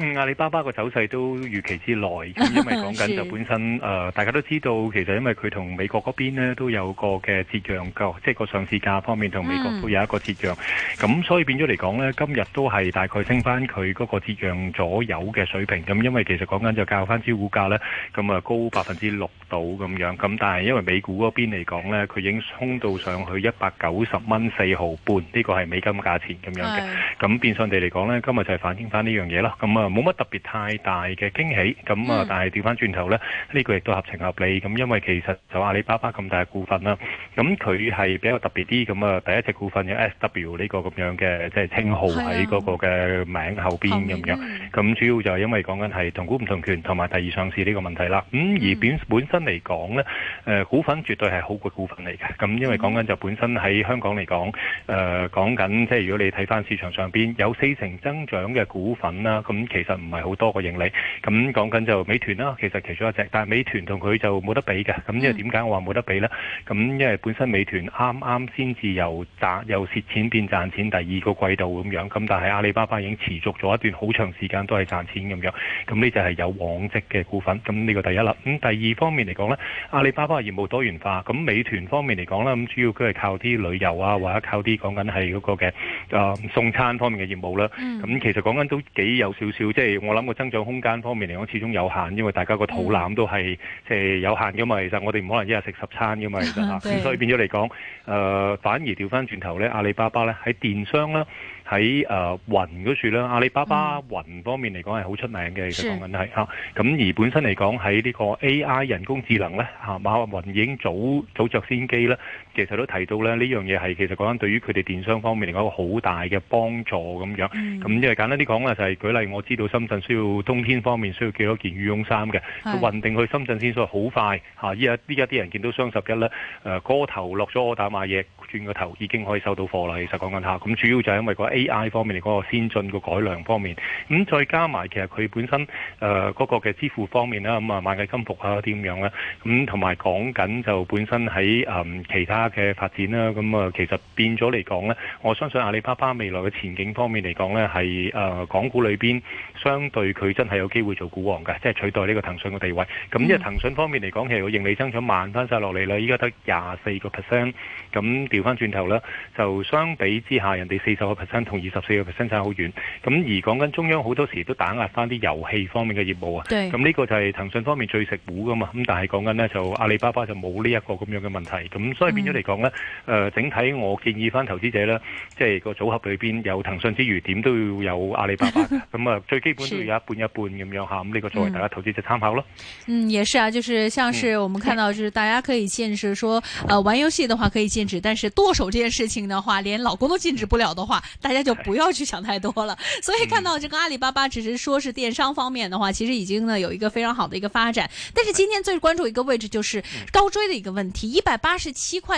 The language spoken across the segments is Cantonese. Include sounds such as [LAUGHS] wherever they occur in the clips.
嗯、阿里巴巴個走勢都預期之內、嗯，因為講緊就本身誒、 [LAUGHS] 呃，大家都知道其實因為佢同美國嗰邊都有個嘅折讓、呃、即係個上市價方面同美國都有一個折讓，咁、嗯嗯、所以變咗嚟講呢今日都係大概升翻佢嗰個折讓左右嘅水平咁、嗯，因為其實講緊就較翻支股價呢咁啊、嗯、高百分之六度咁樣，咁、嗯、但係因為美股嗰邊嚟講呢佢已經衝到上去一百九十蚊四毫半，呢、這個係美金價錢咁樣嘅，咁、嗯嗯、變相地嚟講呢今日就係反映翻呢樣嘢咯，咁、嗯、啊～、嗯冇乜特別太大嘅驚喜，咁啊，但係調翻轉頭呢，呢個亦都合情合理。咁因為其實就阿里巴巴咁大嘅股份啦，咁佢係比較特別啲。咁啊，第一隻股份有 SW 呢個咁樣嘅即係稱號喺嗰個嘅名後邊咁樣。咁主要就係因為講緊係同股唔同權同埋第二上市呢個問題啦。咁而本本身嚟講呢，誒股份絕對係好過股份嚟嘅。咁因為講緊就本身喺香港嚟講，誒講緊即係如果你睇翻市場上邊有四成增長嘅股份啦，咁。其實唔係好多個盈利，咁講緊就美團啦，其實其中一隻，但係美團同佢就冇得比嘅。咁因為點解我話冇得比呢？咁因為本身美團啱啱先至由賺由蝕錢變賺錢第二個季度咁樣，咁但係阿里巴巴已經持續咗一段好長時間都係賺錢咁樣，咁呢就係有往績嘅股份，咁呢個第一啦。咁第二方面嚟講呢，阿里巴巴業務多元化，咁美團方面嚟講呢，咁主要佢係靠啲旅遊啊，或者靠啲講緊係嗰個嘅誒、呃、送餐方面嘅業務啦。咁、嗯、其實講緊都幾有少少。即係我諗個增長空間方面嚟講，始終有限，因為大家個肚腩都係即係有限㗎嘛。其實我哋唔可能一日食十餐㗎嘛。其實嚇，咁所以變咗嚟講，誒反而調翻轉頭咧，阿里巴巴咧喺電商啦，喺誒雲嗰處咧，阿里巴巴雲方面嚟講係好出名嘅。其實講緊係嚇，咁而本身嚟講喺呢個 AI 人工智能咧嚇，馬雲已經早早著先機啦。其實都提到咧，呢樣嘢係其實講緊對於佢哋電商方面嚟講，一個好大嘅幫助咁樣。咁因為簡單啲講咧，就係舉例，我知道深圳需要冬天方面需要幾多件羽絨衫嘅，運定去深圳先，所以好快嚇。依家依家啲人見到雙十一咧，誒個頭落咗台買嘢，轉個頭已經可以收到貨啦。其實講緊嚇，咁主要就係因為個 AI 方面嚟講，個先進個改良方面。咁再加埋其實佢本身誒嗰個嘅支付方面啦，咁啊螞蟻金服啊啲咁樣咧，咁同埋講緊就本身喺誒其他嘅發展啦，咁啊，其實變咗嚟講呢。我相信阿里巴巴未來嘅前景方面嚟講呢，係誒、呃、港股裏邊，相對佢真係有機會做股王嘅，即係取代呢個騰訊嘅地位。咁即係騰訊方面嚟講，其實個盈利增長慢翻晒落嚟啦，依家得廿四個 percent，咁調翻轉頭啦，就相比之下，人哋四十個 percent 同二十四個 percent 差好遠。咁而講緊中央好多時都打壓翻啲遊戲方面嘅業務啊，咁呢個就係騰訊方面最食苦噶嘛。咁但係講緊呢，就阿里巴巴就冇呢一個咁樣嘅問題，咁所以變咗。嚟講呢，誒、呃、整體我建議翻投資者呢，即係個組合裏邊有騰訊之餘，點都要有阿里巴巴咁啊， [LAUGHS] 最基本都要有一半一半咁樣嚇。咁 [LAUGHS] 呢、這個作為大家投資者參考咯。嗯，也是啊，就是像是我們看到，就是大家可以見識說、嗯、呃，玩遊戲的話可以禁止，但是剁手這件事情的話，連老公都禁止不了的話，大家就不要去想太多了。所以看到這個阿里巴巴，只是說是電商方面的話，其實已經呢有一個非常好的一個發展。但是今天最關注一個位置就是高追的一個問題，一百八十七塊。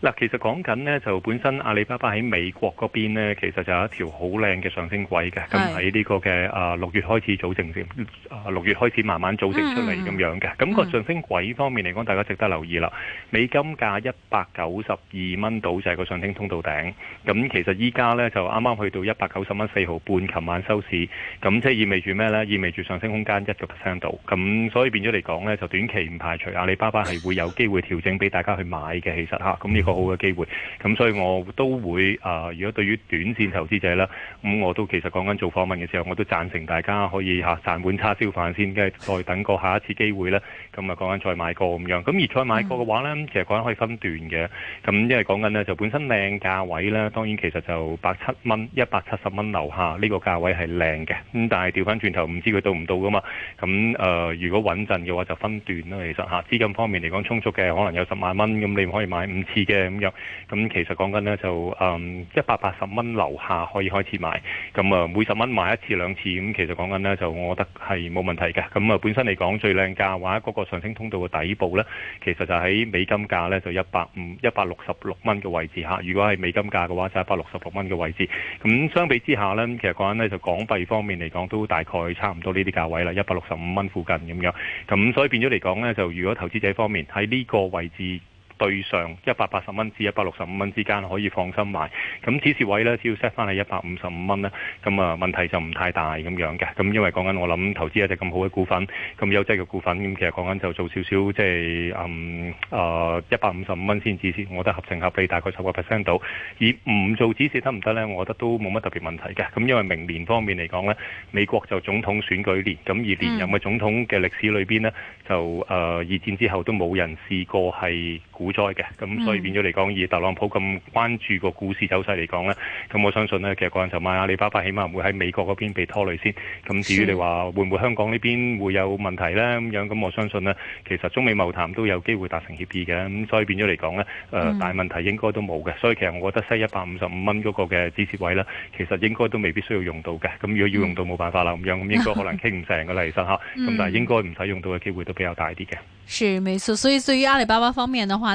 嗱，其實講緊呢，就本身阿里巴巴喺美國嗰邊呢，其實就有一條好靚嘅上升軌嘅，咁喺呢個嘅啊六月開始組成先，啊六月開始慢慢組成出嚟咁、嗯嗯嗯、樣嘅，咁、個上升軌方面嚟講，大家值得留意啦。美金價一百九十二蚊到就係個上升通道頂，咁其實依家呢，就啱啱去到一百九十蚊四毫半，琴晚收市，咁即係意味住咩呢？意味住上升空間一個 percent 度，咁所以變咗嚟講呢，就短期唔排除阿里巴巴係會有機會調整俾大家去買嘅，其實吓，咁好嘅機會，咁所以我都會啊、呃，如果對於短線投資者啦，咁我都其實講緊做訪問嘅時候，我都贊成大家可以嚇賺碗叉燒飯先，跟住再等個下一次機會呢。咁啊講緊再買個咁樣。咁而再買個嘅話呢，其實講緊可以分段嘅，咁因為講緊呢，就本身靚價位呢，當然其實就百七蚊、一百七十蚊樓下呢，這個價位係靚嘅，咁但係調翻轉頭唔知佢到唔到噶嘛。咁誒、呃，如果穩陣嘅話就分段啦，其實嚇資金方面嚟講充足嘅，可能有十萬蚊，咁你可以買五次嘅。咁樣，咁其實講緊呢，就，嗯，一百八十蚊樓下可以開始買，咁啊，每十蚊買一次兩次，咁其實講緊呢，就，我覺得係冇問題嘅。咁啊，本身嚟講最靚價話，嗰個上升通道嘅底部呢，其實就喺美金價呢，就一百五、一百六十六蚊嘅位置嚇。如果係美金價嘅話，就一百六十六蚊嘅位置。咁相比之下呢，其實講緊呢，就港幣方面嚟講，都大概差唔多呢啲價位啦，一百六十五蚊附近咁樣。咁所以變咗嚟講呢，就如果投資者方面喺呢個位置。對上一百八十蚊至一百六十五蚊之間可以放心買，咁止蝕位呢，只要 set 翻係一百五十五蚊呢，咁啊，問題就唔太大咁樣嘅。咁因為講緊我諗投資一隻咁好嘅股份，咁優質嘅股份，咁其實講緊就做少少即係嗯啊一百五十五蚊先止蝕，我覺得合情合理，大概十個 percent 度。而唔做止蝕得唔得呢？我覺得都冇乜特別問題嘅。咁因為明年方面嚟講呢，美國就總統選舉年，咁而連任嘅總統嘅歷史裏邊呢，就、呃、二戰之後都冇人試過係股股災、嗯、嘅，咁所以變咗嚟講，以特朗普咁關注個股市走勢嚟講呢，咁我相信呢，其實嗰陣就買阿里巴巴，起碼唔會喺美國嗰邊被拖累先。咁至於你話會唔會香港呢邊會有問題呢？咁樣，咁我相信呢，其實中美貿談都有機會達成協議嘅，咁所以變咗嚟講呢，誒、呃、大問題應該都冇嘅、嗯。所以其實我覺得西一百五十五蚊嗰個嘅支持位呢，其實應該都未必需要用到嘅。咁如果要用到冇辦法啦咁樣，咁應該可能傾唔成個嚟身嚇。咁、 [LAUGHS] 嗯、但係應該唔使用，用到嘅機會都比較大啲嘅。是，冇錯。所以對於阿里巴巴方面嘅話，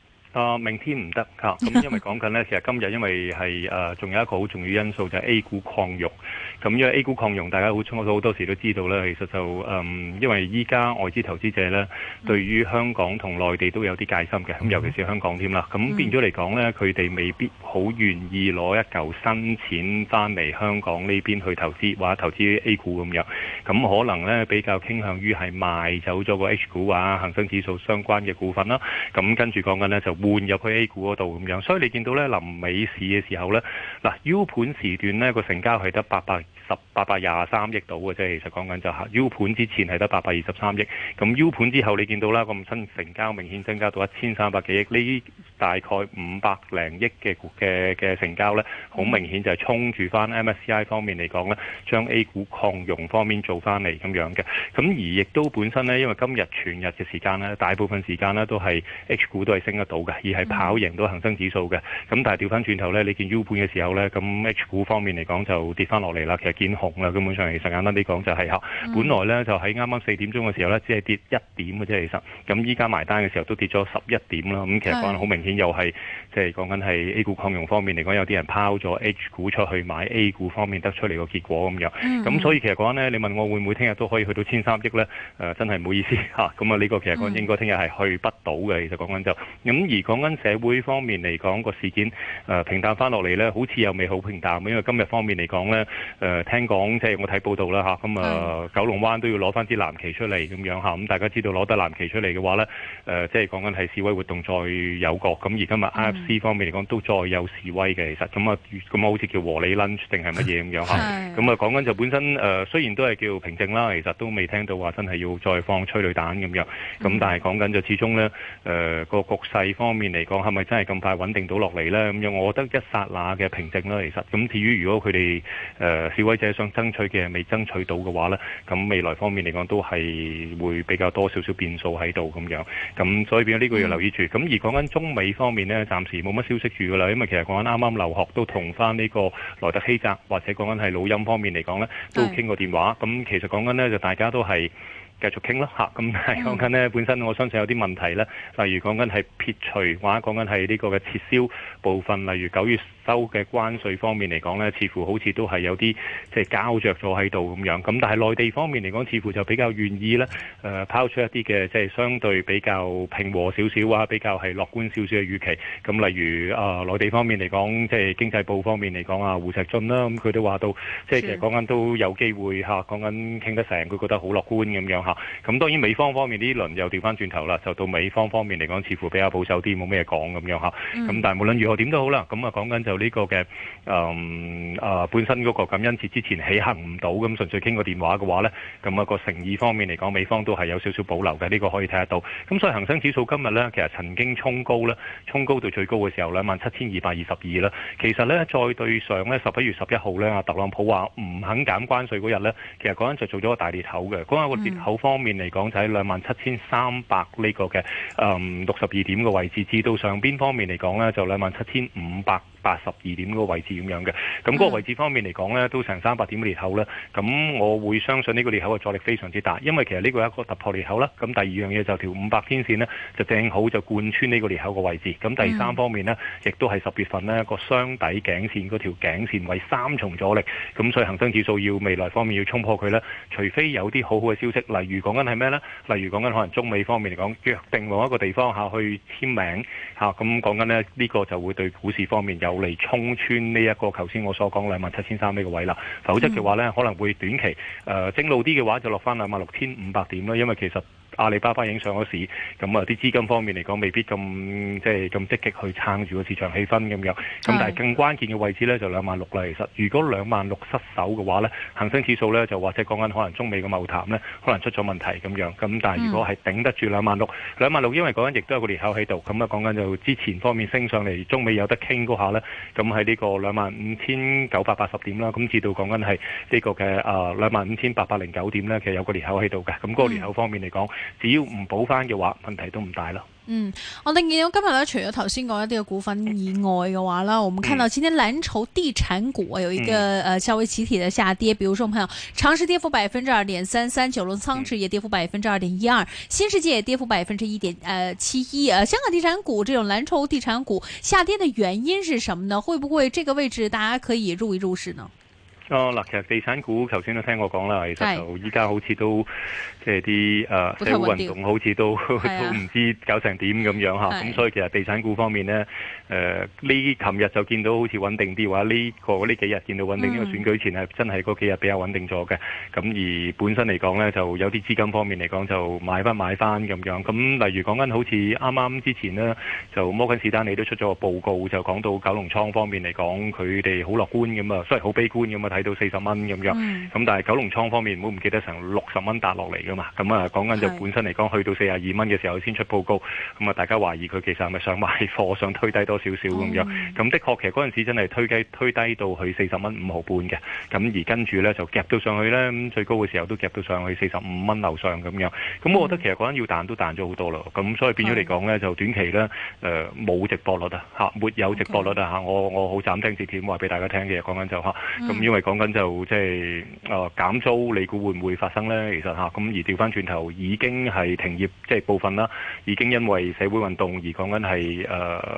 啊，明天唔得，咁因為講緊咧，其實今日因為係誒，仲有一個好重要因素就係 A 股擴容，咁因為 A 股擴容，大家好，好多時都知道咧，其實就誒，因為依家外資投資者咧，對於香港同內地都有啲戒心嘅，咁尤其是香港添啦，咁變咗嚟講咧，佢哋未必好願意攞一嚿新錢翻嚟香港呢邊去投資，或者投資 A 股咁樣，咁可能咧比較傾向於係賣走咗個 H 股啊，恆生指數相關嘅股份啦，咁跟住講緊咧就換入去 A 股嗰度咁樣，所以你見到呢臨尾市嘅時候呢嗱 U 盤時段呢個成交係得八百。八百廿三億到嘅啫，其實講緊就吓，U 盤之前係得八百二十三億，咁 U 盤之後你見到啦，咁新成交明顯增加到一千三百幾億，呢啲大概五百零億嘅嘅嘅成交咧，好明顯就係衝住翻 MSCI 方面嚟講咧，將 A 股擴容方面做翻嚟咁樣嘅，咁而亦都本身呢，因為今日全日嘅時間呢，大部分時間呢都係 H 股都係升得到嘅，而係跑贏到恒生指數嘅，咁但係調翻轉頭呢，你見 U 盤嘅時候呢，咁 H 股方面嚟講就跌翻落嚟啦，其實。變紅啦！根本上其實簡單啲講就係嚇，本來咧就喺啱啱四點鐘嘅時候咧，只係跌一點嘅啫。其實咁依家埋單嘅時候都跌咗十一點啦。咁其實講好明顯又係即係講緊係 A 股擴容方面嚟講，有啲人拋咗 H 股出去買 A 股方面得出嚟個結果咁樣。咁所以其實講咧，你問我會唔會聽日都可以去到千三億咧？誒，真係唔好意思嚇。咁啊，呢個其實講應該聽日係去不到嘅。其實講緊就咁，而講緊社會方面嚟講個事件，誒平淡翻落嚟咧，好似又未好平淡啊。因為今日方面嚟講咧誒。聽講即係我睇報道啦嚇，咁啊九龍灣都要攞翻啲藍旗出嚟咁樣嚇，咁大家知道攞得藍旗出嚟嘅話咧，誒即係講緊係示威活動再有過，咁而家咪 IFC 方面嚟講都再有示威嘅，其實咁啊，咁啊好似叫和你 lunch 定係乜嘢咁樣嚇，咁啊講緊就本身誒雖然都係叫平靜啦，其實都未聽到話真係要再放催淚彈咁樣，咁但係講緊就始終咧誒個局勢方面嚟講係咪真係咁快穩定到落嚟咧？咁樣我覺得一剎那嘅平靜啦，其實咁至於如果佢哋誒示威，佢者想爭取嘅，未爭取到嘅話呢，咁未來方面嚟講都係會比較多少少變數喺度咁樣，咁所以變咗呢個要留意住。咁、嗯、而講緊中美方面呢，暫時冇乜消息住噶啦，因為其實講緊啱啱劉鶴都同翻呢個萊特希澤，或者講緊係老陰方面嚟講呢，都傾過電話。咁其實講緊呢，就大家都係繼續傾咯嚇。咁講緊呢、嗯，本身我相信有啲問題呢，例如講緊係撇除，或者講緊係呢個嘅撤銷。部分例如九月收嘅關稅方面嚟講咧，似乎好似都係有啲即係交著咗喺度咁樣。咁但係內地方面嚟講，似乎就比較願意咧，誒拋出一啲嘅即係相對比較平和少少啊，比較係樂觀少少嘅預期。咁例如啊內地方面嚟講，即係經濟部方面嚟講啊胡石俊啦，咁佢都話到，即係其實講緊都有機會嚇，講緊傾得成，佢覺得好樂觀咁樣嚇。咁當然美方方面呢，輪又調翻轉頭啦，就到美方方面嚟講，似乎比較保守啲，冇咩講咁樣嚇。咁但係無論如。點都好啦，咁、這個嗯、啊講緊就呢個嘅誒誒本身嗰個感恩節之前起行唔到，咁純粹傾個電話嘅話呢，咁、那、啊個誠意方面嚟講，美方都係有少少保留嘅，呢、這個可以睇得到。咁所以恒生指數今日呢，其實曾經衝高咧，衝高到最高嘅時候咧，兩萬七千二百二十二啦。其實呢，再對上咧十一月十一號呢，阿特朗普話唔肯減關稅嗰日呢，其實嗰陣就做咗個大裂口嘅。講、那、下個裂口方面嚟講，就喺兩萬七千三百呢個嘅誒六十二點嘅位置，至到上邊方面嚟講呢，就兩萬七，一千五百。八十二點嗰個位置咁樣嘅？咁嗰個位置方面嚟講呢都成三百點嘅裂口啦。咁我會相信呢個裂口嘅阻力非常之大，因為其實呢個係一個突破裂口啦。咁第二樣嘢就條五百天線呢，就正好就貫穿呢個裂口嘅位置。咁第三方面呢，亦都係十月份呢個雙底頸線嗰條頸線為三重阻力。咁所以恒生指數要未來方面要衝破佢啦，除非有啲好好嘅消息，例如講緊係咩呢？例如講緊可能中美方面嚟講，約定往一個地方下去簽名。咁講緊呢呢個就會對股市方面有。嚟衝穿呢一個頭先我所講兩萬七千三呢個位啦，否則嘅話咧可能會短期誒正路啲嘅話就落翻兩萬六千五百點啦，因為其實。阿里巴巴影上嗰時，咁啊啲資金方面嚟講，未必咁即係咁積極去撐住個市場氣氛咁樣。咁但係更關鍵嘅位置咧就兩萬六啦。其實如果兩萬六失守嘅話咧，恒生指數咧就或者講緊可能中美嘅貿談咧可能出咗問題咁樣。咁但係如果係頂得住兩萬六，兩萬六因為講緊亦都係個裂口喺度。咁啊講緊就之前方面升上嚟，中美有得傾嗰下咧，咁喺呢個兩萬五千九百八十點啦，咁至到講緊係呢個嘅啊兩萬五千八百零九點咧，其實有個裂口喺度嘅。咁、那、嗰個裂口方面嚟講，只要唔補翻嘅話，問題都唔大咯。嗯，我哋見到今日咧，除咗頭先講一啲嘅股份以外嘅話啦，我們看到今天藍籌地產股有一個誒稍微集體嘅下跌。比如說我哋朋友，長實跌幅百分之二點三三，九龍倉置業跌幅百分之二點一二，新世界也跌幅百分之一點誒七一。誒，香港地產股這種藍籌地產股下跌的原因是什麼呢？會不會呢個位置大家可以入一入市呢？哦，嗱，其實地產股頭先都聽我講啦，其實就依家好似都即係啲誒社會運動好似都、啊、都唔知搞成點咁樣咁、啊啊、所以其實地產股方面咧。誒、呃、呢？琴日就見到好似穩定啲，話、這、呢個呢幾日見到穩定。呢個選舉前係真係嗰幾日比較穩定咗嘅。咁、嗯、而本身嚟講呢，就有啲資金方面嚟講就買翻買翻咁樣。咁例如講緊好似啱啱之前呢，就摩根士丹利都出咗個報告，就講到九龍倉方面嚟講，佢哋好樂觀咁啊，雖然好悲觀咁啊，睇到四十蚊咁樣。咁、嗯、但係九龍倉方面唔好唔記得成六十蚊打落嚟噶嘛。咁啊講緊就本身嚟講去到四十二蚊嘅時候先出報告。咁啊大家懷疑佢其實係咪想買貨，想推低多？少少咁樣，咁的確其實嗰陣時真係推低推低到去四十蚊五毫半嘅，咁而跟住咧就夾到上去咧，咁最高嘅時候都夾到上去四十五蚊樓上咁樣，咁我覺得其實嗰陣要彈都彈咗好多啦，咁所以變咗嚟講咧就短期咧誒冇值博率啊嚇，沒有值博率啊嚇，我我好斬釘截鐵話俾大家聽嘅，講緊就嚇，咁因為講緊就即係誒減租，你估會唔會發生咧？其實嚇咁而調翻轉頭已經係停業，即係部分啦，已經因為社會運動而講緊係誒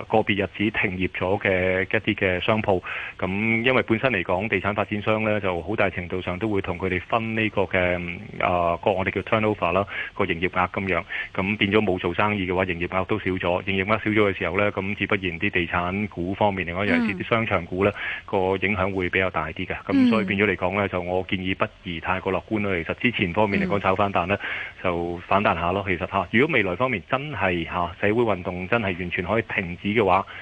個別日只停業咗嘅一啲嘅商鋪，咁因為本身嚟講，地產發展商呢就好大程度上都會同佢哋分呢個嘅啊個我哋叫 turnover 啦、個營業額咁樣，咁變咗冇做生意嘅話，營業額都少咗，營業額少咗嘅時候呢，咁自不然啲地產股方面另外一樣，啲商場股呢個影響會比較大啲嘅，咁、嗯、所以變咗嚟講呢，就我建議不宜太過樂觀啦。其實之前方面嚟講、嗯、炒翻彈呢就反彈下咯。其實嚇，如果未來方面真係嚇、啊、社會運動真係完全可以停止嘅話，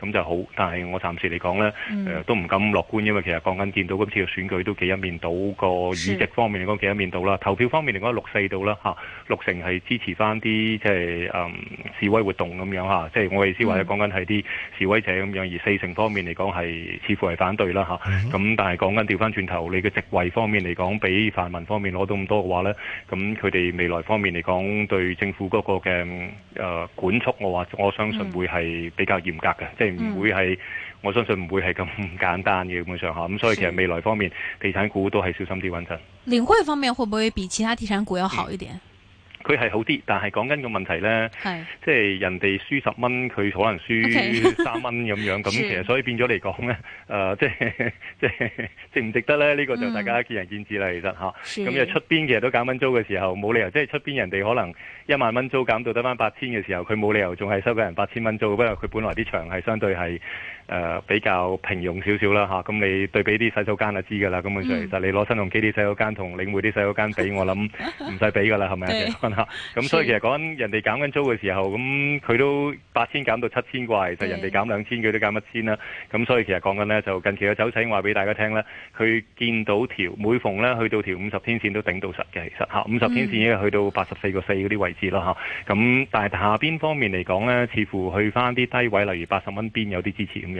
咁就好，但係我暫時嚟講呢，嗯呃、都唔敢樂觀，因為其實講緊見到今次嘅選舉都幾一面倒，個議席方面嚟講幾一面倒啦，投票方面嚟講六四度啦、啊、六成係支持翻啲即係示威活動咁樣、啊、即係我意思話，係講緊係啲示威者咁樣，而四成方面嚟講係似乎係反對啦嚇。咁、啊啊嗯、但係講緊掉翻轉頭，你嘅席位方面嚟講，比泛民方面攞到咁多嘅話呢，咁佢哋未來方面嚟講，對政府嗰個嘅、呃、管束我，我話我相信會係比較嚴格嘅、嗯，即唔、嗯、會係，我相信唔會係咁簡單嘅咁上下。咁、嗯、所以其實未來方面，地產股都係小心啲穩陣。領匯方面，會不會比其他地產股要好一點？嗯佢係好啲，但係講緊個問題呢，即係人哋輸十蚊，佢可能輸三蚊咁樣，咁、okay. [LAUGHS] 其實所以變咗嚟講呢，誒、呃，即係即係值唔值得呢？呢個就大家見仁見智啦，其實吓，咁就出邊其實都減蚊租嘅時候，冇理由，即係出邊人哋可能一萬蚊租減到得翻八千嘅時候，佢冇理由仲係收俾人八千蚊租，不過佢本來啲場係相對係。誒、呃、比較平庸少少啦，咁你對比啲洗手間就知㗎啦。咁其實就是、你攞新鴻基啲洗手間同領匯啲洗手間比，我諗唔使俾㗎啦，係咪？咁所以其實講緊人哋減緊租嘅時候，咁佢都八千減到七千怪，就人哋減兩千，佢都減一千啦。咁、啊、所以其實講緊呢，就近期嘅走勢，話俾大家聽啦。佢見到條每逢呢去到條五十天線都頂到實嘅，其實五十、啊、天線已經去到八十四個四嗰啲位置啦咁、啊啊、但係下邊方面嚟講呢，似乎去翻啲低位，例如八十蚊邊有啲支持咁樣。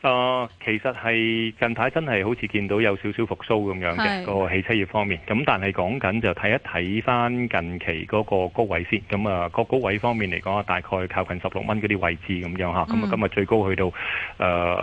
啊、呃，其實係近排真係好似見到有少少復甦咁樣嘅個汽車業方面。咁但係講緊就睇一睇翻近期嗰個高位先。咁啊，個高位方面嚟講啊，大概靠近十六蚊嗰啲位置咁樣嚇。咁、嗯、啊，今日最高去到誒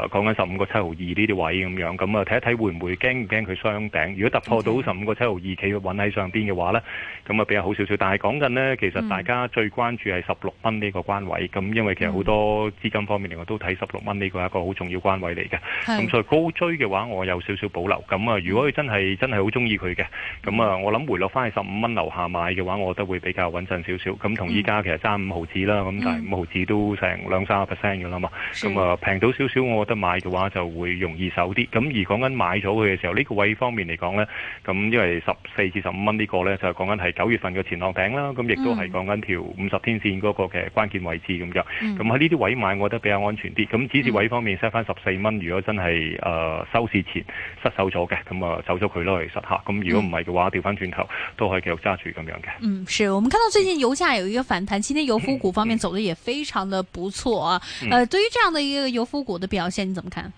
講緊十五個七毫二呢啲位咁樣。咁啊，睇一睇會唔會驚唔驚佢雙頂？如果突破到十五個七毫二企穩喺上邊嘅話呢，咁、okay. 啊比較好少少。但係講緊呢，其實大家最關注係十六蚊呢個關位。咁因為其實好多資金方面嚟，我都睇十六蚊呢個係一個好重要範圍嚟嘅，咁所以高追嘅話，我有少少保留。咁啊，如果佢真係真係好鍾意佢嘅，咁啊，我諗回落翻去十五蚊樓下買嘅話，我覺得會比較穩陣少少。咁同依家其實爭五毫子啦，咁但係五毫子都成兩三個 percent 㗎啦嘛。咁啊，平到少少，我覺得買嘅話就會容易手啲。咁而講緊買咗佢嘅時候，呢個位方面嚟講呢，咁因為十四至十五蚊呢個呢，就係講緊係九月份嘅前浪頂啦。咁亦都係講緊條五十天線嗰個嘅關鍵位置咁樣。咁喺呢啲位買，我覺得比較安全啲。咁止蝕位方面 set 翻十四蚊，如果真係誒、呃、收市前失手咗嘅，咁啊走咗佢咯其實吓。咁如果唔係嘅話，調翻轉頭都可以繼續揸住咁樣嘅。嗯，是我們看到最近油價有一個反彈，今天油服股方面走得也非常的不錯啊。嗯、呃，對於這樣的一個油服股的表現，你怎麼看？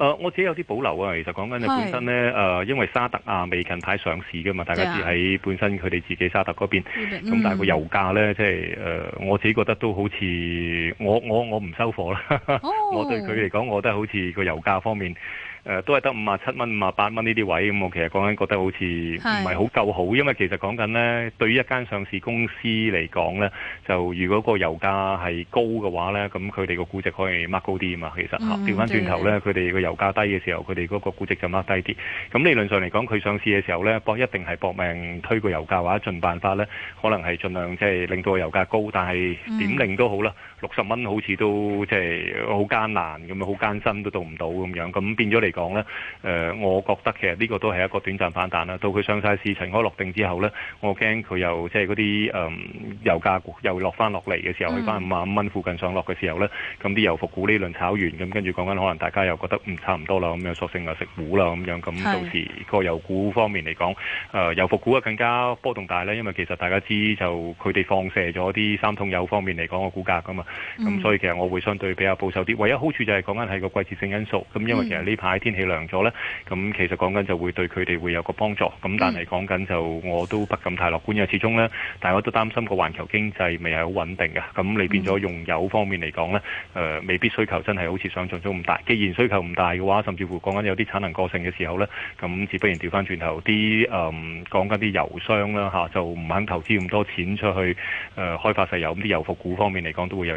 誒、呃，我自己有啲保留啊。其實講緊你本身咧，誒、呃，因為沙特啊，未近排上市㗎嘛，大家知喺本身佢哋自己沙特嗰邊，咁、嗯、但係個油價咧，即係誒、呃，我自己覺得都好似我我我唔收貨啦。我對佢嚟講，我覺得、哦、 [LAUGHS] 好似個油價方面。誒、呃、都係得五啊七蚊、五啊八蚊呢啲位，咁我其實講緊覺得好似唔係好夠好，因為其實講緊呢，對於一間上市公司嚟講呢，就如果個油價係高嘅話呢，咁佢哋個估值可以掹高啲啊嘛。其實嚇，調翻轉頭呢，佢哋個油價低嘅時候，佢哋嗰個估值就掹低啲。咁理論上嚟講，佢上市嘅時候呢，博一定係搏命推個油價，或者盡辦法呢，可能係盡量即係令到個油價高，但係點令都好啦。嗯。六十蚊好似都即係好艱難，咁樣好艱辛都到唔到咁樣，咁變咗嚟講呢，誒、呃，我覺得其實呢個都係一個短暫反彈啦。到佢上曬市、塵埃落定之後呢，我驚佢又即係嗰啲誒油價又落翻落嚟嘅時候，去翻五萬蚊附近上落嘅時候呢，咁啲油服股呢輪炒完，咁跟住講緊可能大家又覺得唔差唔多啦，咁樣索性又食糊啦咁樣，咁到時個油股方面嚟講、呃，油服股啊更加波動大咧，因為其實大家知就佢哋放射咗啲三桶油方面嚟講個股價噶嘛。咁、嗯嗯、所以其實我會相對比較保守啲，唯一好處就係講緊係個季節性因素。咁、嗯嗯、因為其實呢排天氣涼咗呢，咁其實講緊就會對佢哋會有個幫助。咁但係講緊就、嗯、我都不敢太樂觀，因為始終呢大家都擔心個環球經濟未係好穩定嘅。咁、嗯、你、嗯、變咗用油方面嚟講呢，誒、呃、未必需求真係好似想像中咁大。既然需求唔大嘅話，甚至乎講緊有啲產能過剩嘅時候呢，咁只不然調翻轉頭啲誒講緊啲油商啦吓，就唔肯投資咁多錢出去誒、呃、開發石油。咁啲油服股方面嚟講都會有。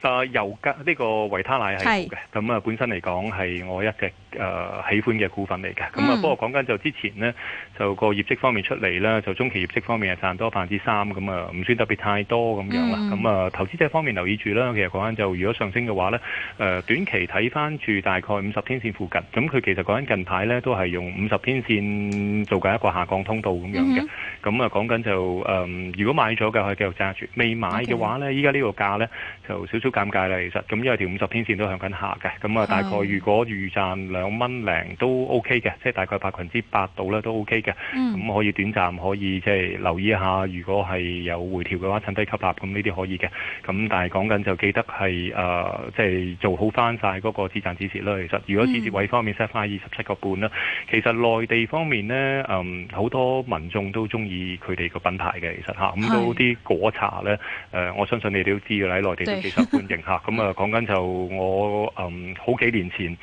誒、呃、油價呢、這個維他奶係嘅，咁啊本身嚟講係我一直誒、呃、喜歡嘅股份嚟嘅，咁啊不過講緊就是、之前呢，就個業績方面出嚟啦，就中期業績方面係賺多百分之三，咁啊唔算特別太多咁樣啦，咁、嗯、啊投資者方面留意住啦。其實講緊就如果上升嘅話呢，誒、呃、短期睇翻住大概五十天線附近，咁佢其實講緊近排呢，都係用五十天線做緊一個下降通道咁樣嘅，咁啊講緊就誒、是呃、如果買咗嘅可以繼續揸住，未買嘅話呢，依家呢個價呢。就少，少。都尷尬啦，其實咁因為條五十天線都向緊下嘅，咁啊大概如果預賺兩蚊零都 OK 嘅，即係、就是、大概百分之八度咧都 OK 嘅，咁、嗯、可以短暫可以即係、就是、留意一下，如果係有回調嘅話趁低吸納，咁呢啲可以嘅，咁但係講緊就記得係誒即係做好翻晒嗰個止賺止蝕啦、嗯。其實如果止蝕位方面 set 翻二十七個半啦、嗯，其實內地方面呢，嗯好多民眾都中意佢哋個品牌嘅，其實吓，咁到啲果茶呢、呃，我相信你哋都知嘅喺內地都幾受。 [LAUGHS] 吓、嗯，咁啊講緊就我嗯好幾年前，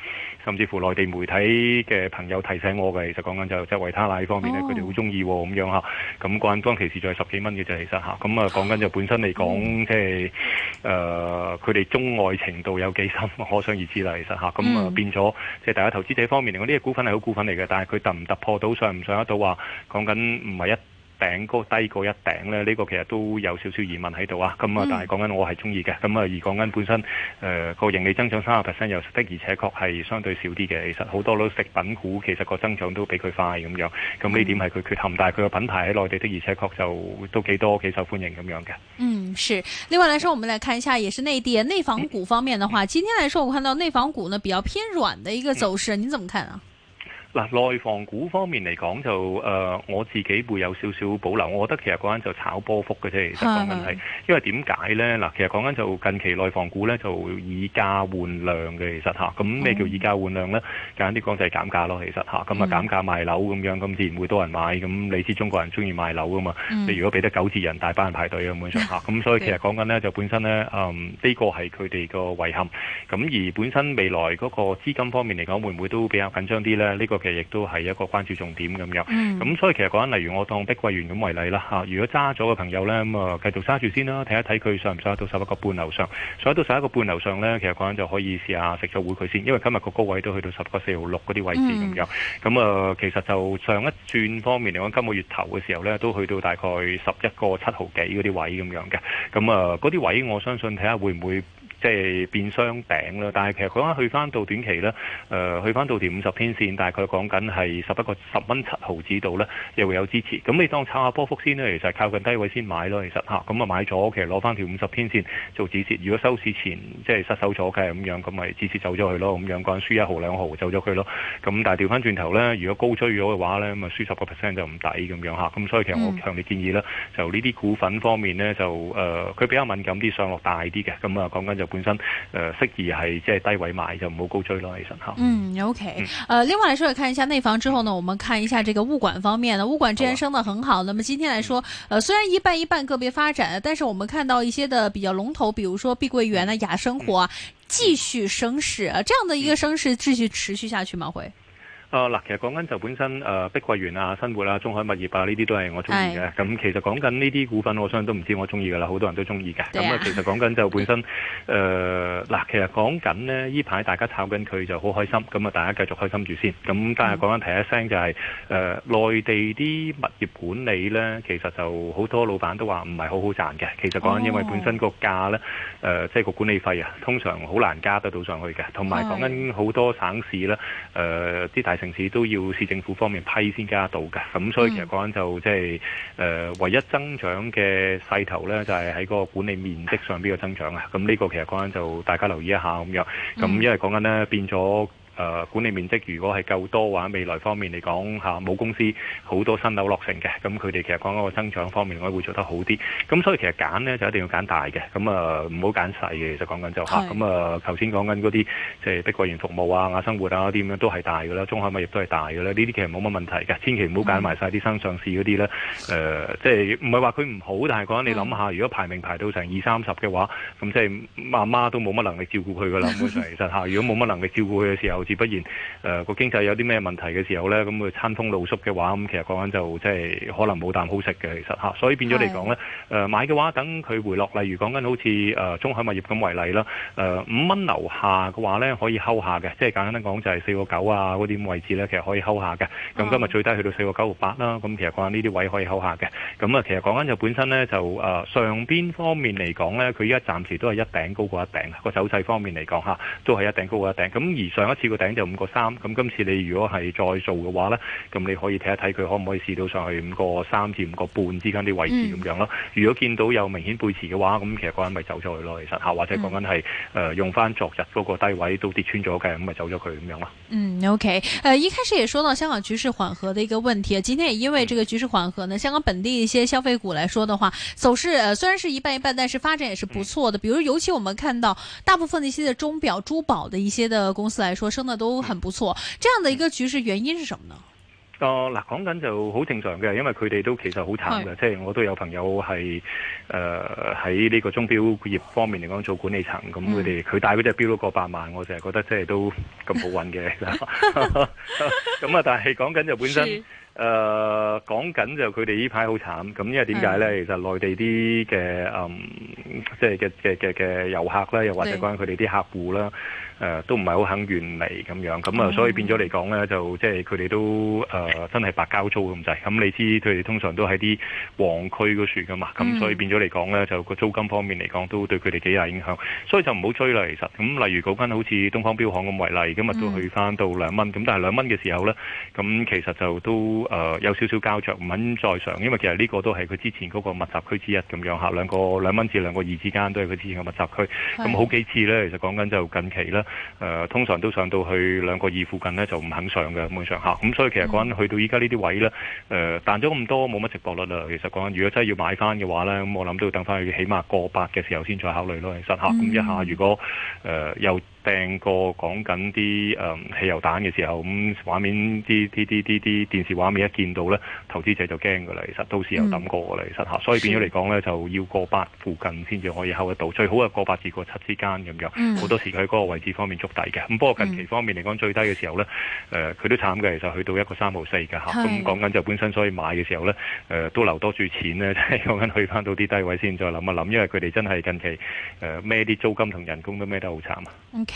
甚至乎內地媒體嘅朋友提醒我嘅，其實講緊就即係維他奶方面咧，佢哋好中意咁樣吓，咁關當其時就係十幾蚊嘅啫，其實吓，咁啊講緊就本身嚟講，即係誒佢哋中外程度有幾深，可想而知啦，其實吓，咁啊變咗即係大家投資者方面嚟我呢隻股份係好股份嚟嘅，但係佢突唔突破到上唔上得到話，講緊唔係一。頂、嗯、高、嗯、低過一頂咧，呢、這個其實都有少少疑問喺度啊。咁啊，但係講緊我係中意嘅。咁啊，而講緊本身誒個盈利增長三十 percent 又，的而且確係相對少啲嘅。其實好多都食品股其實個增長都比佢快咁樣。咁呢點係佢缺陷，但係佢個品牌喺內地的而且確就都幾多幾受歡迎咁樣嘅。嗯，是。另外來說，我們來看一下，也是內地內房股方面的話，嗯，今天來說我看到內房股呢比較偏軟的一個走勢，你、嗯、怎麼看啊？嗱，內房股方面嚟講就誒，我自己會有少少保留。我覺得其實講緊就炒波幅嘅啫，其實講緊係，因為點解咧？嗱，其實講緊就近期內房股咧就以價換量嘅，其實嚇。咁咩叫以價換量咧？簡單啲講就係減價咯，其實嚇。咁啊減價賣樓咁樣，咁自然會多人買。咁你知中國人中意買樓噶嘛？你如果俾得九折人，大班人排隊咁樣上嚇。咁所以其實講緊咧就本身咧，嗯，呢個係佢哋個遺憾。咁而本身未來嗰個資金方面嚟講，會唔會都比較緊張啲咧？呢個誒，亦都係一個關注重點咁樣。咁、嗯嗯、所以其實講緊，例如我當碧桂園咁為例啦嚇。如果揸咗嘅朋友呢，咁啊繼續揸住先啦，睇一睇佢上唔上，上到十一個半樓上。上到十一個半樓上呢，其實講緊就可以試下食咗會佢先，因為今日個高位都去到十個四毫六嗰啲位置咁樣。咁、嗯、啊、嗯嗯嗯，其實就上一轉方面嚟講，今個月頭嘅時候呢，都去到大概十一個七毫幾嗰啲位咁樣嘅。咁、嗯、啊，嗰啲位我相信睇下會唔會？即、就、係、是、變相頂啦，但係其實講緊去翻到短期咧，誒、呃、去翻到條五十天線，大概講緊係十一個十蚊七毫子度咧，又會有支持。咁你當炒下波幅先啦，其實靠近低位先買咯，其實吓，咁啊就買咗，其實攞翻條五十天線做止蝕。如果收市前即係、就是、失手咗嘅咁樣，咁咪止蝕走咗佢咯，咁樣講緊輸一毫兩毫走咗佢咯。咁但係調翻轉頭咧，如果高追咗嘅話咧，咁啊輸十個 percent 就唔抵咁樣吓，咁所以其實我強烈建議啦，就呢啲股份方面咧，就誒佢、呃、比較敏感啲，上落大啲嘅。咁啊講緊就。本身呃，適宜係即係低位買就唔好高追咯，其實嚇。嗯，OK。呃，嗯 okay. 嗯 uh, 另外嚟說也看一下內房之後呢，我們看一下這個物管方面。呢物管之前升得很好。好啊、那麼今天嚟說、嗯，呃，雖然一半一半個別發展，但是我們看到一些的比較龍頭，比如說碧桂園啊、雅生活啊，嗯、繼續升勢啊這樣的，一個升勢繼續持續下去嗎？嗯、會。啊嗱，其實講緊就本身誒碧桂園啊、生活啊、中海物業啊呢啲都係我中意嘅。咁其實講緊呢啲股份，我相信都唔知我中意嘅啦，好多人都中意嘅。咁啊，其實講緊就本身誒嗱、呃，其實講緊呢呢排大家炒緊佢就好開心，咁啊大家繼續開心住先。咁但係講緊提一聲就係、是、誒、呃、內地啲物業管理呢，其實就好多老闆都話唔係好好賺嘅。其實講緊因為本身個價呢，誒、哦呃，即係個管理費啊，通常好難加得到上去嘅。同埋講緊好多省市呢。啲、呃、大，城市都要市政府方面批先加到噶，咁所以其實講緊就即係誒唯一增長嘅勢頭咧，就係喺嗰個管理面積上邊嘅增長啊。咁呢個其實講緊就大家留意一下咁樣，咁因為講緊咧變咗。呃、管理面積如果係夠多嘅話，未來方面嚟講嚇，冇、啊、公司好多新樓落成嘅，咁佢哋其實講嗰個增長方面可能會做得好啲。咁所以其實揀呢就一定要揀大嘅，咁啊唔好揀細嘅。就講緊就嚇，咁啊頭先講緊嗰啲即係碧桂園服務啊、雅生活啊啲咁樣都係大㗎啦，中海物業都係大㗎啦，呢啲其實冇乜問題嘅，千祈唔好揀埋晒啲新上市嗰啲啦。誒，即係唔係話佢唔好，但係講你諗下，如果排名排到成二三十嘅話，咁即係媽媽都冇乜能力照顧佢㗎啦。咁 [LAUGHS] 其實嚇，如果冇乜能力照顧佢嘅時候，自不然，誒、呃、個經濟有啲咩問題嘅時候呢，咁佢餐風露宿嘅話，咁其實講緊就即係可能冇啖好食嘅，其實嚇。所以變咗嚟講呢，誒、呃、買嘅話，等佢回落，例如講緊好似誒中海物業咁為例啦，誒、呃、五蚊樓下嘅話呢，可以睺下嘅，即係簡單講就係四個九啊嗰啲位置呢，其實可以睺下嘅。咁、嗯、今日最低去到四個九六八啦，咁其實講緊呢啲位可以睺下嘅。咁、嗯、啊，其實講緊就本身呢，就誒、呃、上邊方面嚟講呢，佢依家暫時都係一頂高過一頂，個走勢方面嚟講嚇，都係一頂高過一頂。咁而上一次頂就五個三，咁今次你如果係再做嘅話呢，咁你可以睇一睇佢可唔可以試到上去五個三至五個半之間啲位置咁、嗯、樣咯。如果見到有明顯背馳嘅話，咁其實嗰陣咪走咗去咯。其實嚇，或者講緊係用返昨日嗰個低位都跌穿咗嘅，咁咪走咗佢咁樣咯。嗯，OK，誒、uh,，一開始也說到香港局勢緩和的一個問題，今天也因為這個局勢緩和呢，香港本地一些消費股來說的話，走勢雖然是一半一半，但是發展也是不錯的。嗯、比如尤其我們看到大部分的一些的鐘表、珠寶的一些的公司來說，都很不錯，這樣的一個局勢原因是什麼呢？哦，嗱，講緊就好正常嘅，因為佢哋都其實好慘嘅，即係我都有朋友係誒喺呢個鐘表業方面嚟講做管理層，咁佢哋佢帶嗰隻表都過百萬，我成日覺得即係都咁好搵嘅，咁啊，但係講緊就本身。誒講緊就佢哋呢排好慘，咁因為點解咧？其實內地啲嘅誒，即係嘅嘅嘅嘅遊客咧，又或者關佢哋啲客戶啦，誒都唔係好肯遠嚟咁樣，咁啊所以變咗嚟講咧，就即係佢哋都誒真係白交租咁滯。咁你知佢哋通常都喺啲旺區嗰處噶嘛，咁所以變咗嚟講咧，就個租金方面嚟講都對佢哋幾大影響。所以就唔好追啦，其實咁。例如嗰間好似東方表行咁為例，今日都去返到兩蚊。咁但係兩蚊嘅時候咧，咁其實就都。誒、呃、有少少膠着，唔肯再上，因為其實呢個都係佢之前嗰個密集區之一咁樣下，兩個兩蚊至兩個二之間都係佢之前嘅密集區。咁、嗯、好幾次呢，其實講緊就近期呢，誒、呃、通常都上到去兩個二附近呢，就唔肯上嘅咁樣上咁、嗯、所以其實講去到依家呢啲位呢，誒彈咗咁多，冇乜值博率啦其實，講如果真係要買翻嘅話呢，咁我諗都要等翻佢起碼過百嘅時候先再考慮咯。其實下咁一下如果誒又。訂個講緊啲誒汽油彈嘅時候，咁、嗯、畫面啲啲啲啲電視畫面一見到咧，投資者就驚㗎啦。其實都時有諗過㗎啦，其、嗯、實所以變咗嚟講咧，就要過八附近先至可以 hold 得到，最好係過八至過七之間咁樣。好、嗯、多時佢嗰個位置方面捉底嘅。咁不過近期方面嚟講、嗯，最低嘅時候咧，誒、呃、佢都慘嘅。其實去到一個三毫四嘅咁講緊就本身所以買嘅時候咧，誒、呃、都留多住錢咧，講緊 [LAUGHS] 去翻到啲低位先再諗一諗，因為佢哋真係近期孭啲、呃、租金同人工都孭得好慘啊。Okay,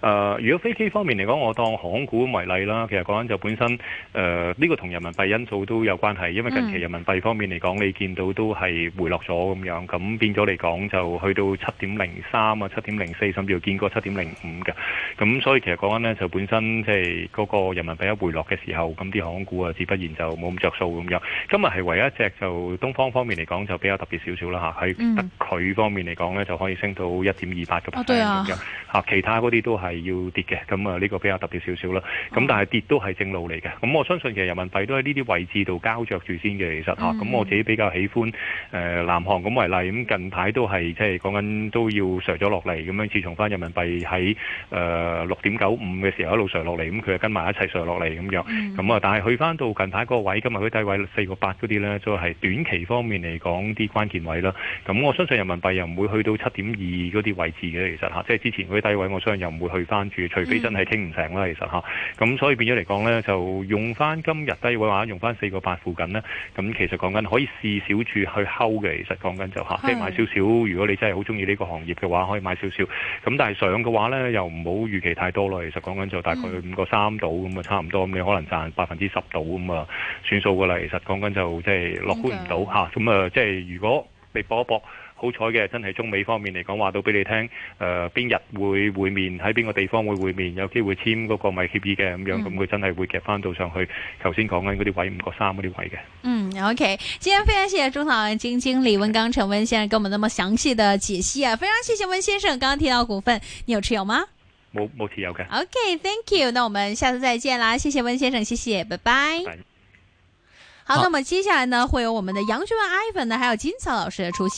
誒、呃，如果飛機方面嚟講，我當航空股為例啦，其實講緊就本身誒，呢、呃這個同人民幣因素都有關係，因為近期人民幣方面嚟講，你見到都係回落咗咁樣，咁變咗嚟講就去到七點零三啊，七點零四，甚至乎見過七點零五㗎，咁所以其實講緊呢，就本身即係嗰個人民幣一回落嘅時候，咁啲航空股啊，自不然就冇咁着數咁樣。今日係唯一隻就東方方面嚟講就比較特別少少啦吓，喺佢方面嚟講呢，就可以升到一點二八嘅 percent 咁樣、oh, 啊，其他嗰啲都係。係要跌嘅，咁啊呢個比較特別少少啦。咁但係跌都係正路嚟嘅。咁我相信其實人民幣都喺呢啲位置度膠著住先嘅。其實嚇，咁我自己比較喜歡誒南韓咁為例。咁近排都係即係講緊都要上咗落嚟，咁樣自從翻人民幣喺誒六點九五嘅時候一路上落嚟，咁佢就跟埋一齊上落嚟咁樣。咁啊，但係去翻到近排個位今日佢啲低位四個八嗰啲咧，都係短期方面嚟講啲關鍵位啦。咁我相信人民幣又唔會去到七點二嗰啲位置嘅。其實嚇，即係之前嗰啲低位，我相信又唔會去。對翻住，除非真係傾唔成啦，其實嚇，咁、啊、所以變咗嚟講咧，就用翻今日低位話、啊，用翻四個八附近咧，咁、啊、其實講緊可以試小注去睺嘅，其實講緊就嚇、是啊嗯，即係買少少。如果你真係好中意呢個行業嘅話，可以買少少。咁但係上嘅話咧，又唔好預期太多咯。其實講緊就大概五個三到咁啊，差唔多咁你可能賺百分之十到咁啊，算數㗎啦。其實講緊就、嗯 okay。啊、即係樂觀唔到嚇，咁啊即係如果你搏一搏。好彩嘅，真係中美方面嚟講，話到俾你聽，誒、呃，邊日會會面喺邊個地方會會面，有機會簽嗰個咪協議嘅咁樣，咁佢真係會夾翻到上去。頭先講緊嗰啲位五個三嗰啲位嘅。嗯，OK，今天非常謝謝中堂經經理、溫鋼城、温先生給我們那麼詳細的解析啊！非常謝謝温先生。剛剛提到股份，你有持有嗎？冇冇持有嘅。OK，Thank、okay, you。那我們下次再見啦！謝謝温先生，謝謝，拜拜。Bye. 好，那麼接下來呢，啊、會有我們的楊學文、Ivan 呢，還有金草老師的出現。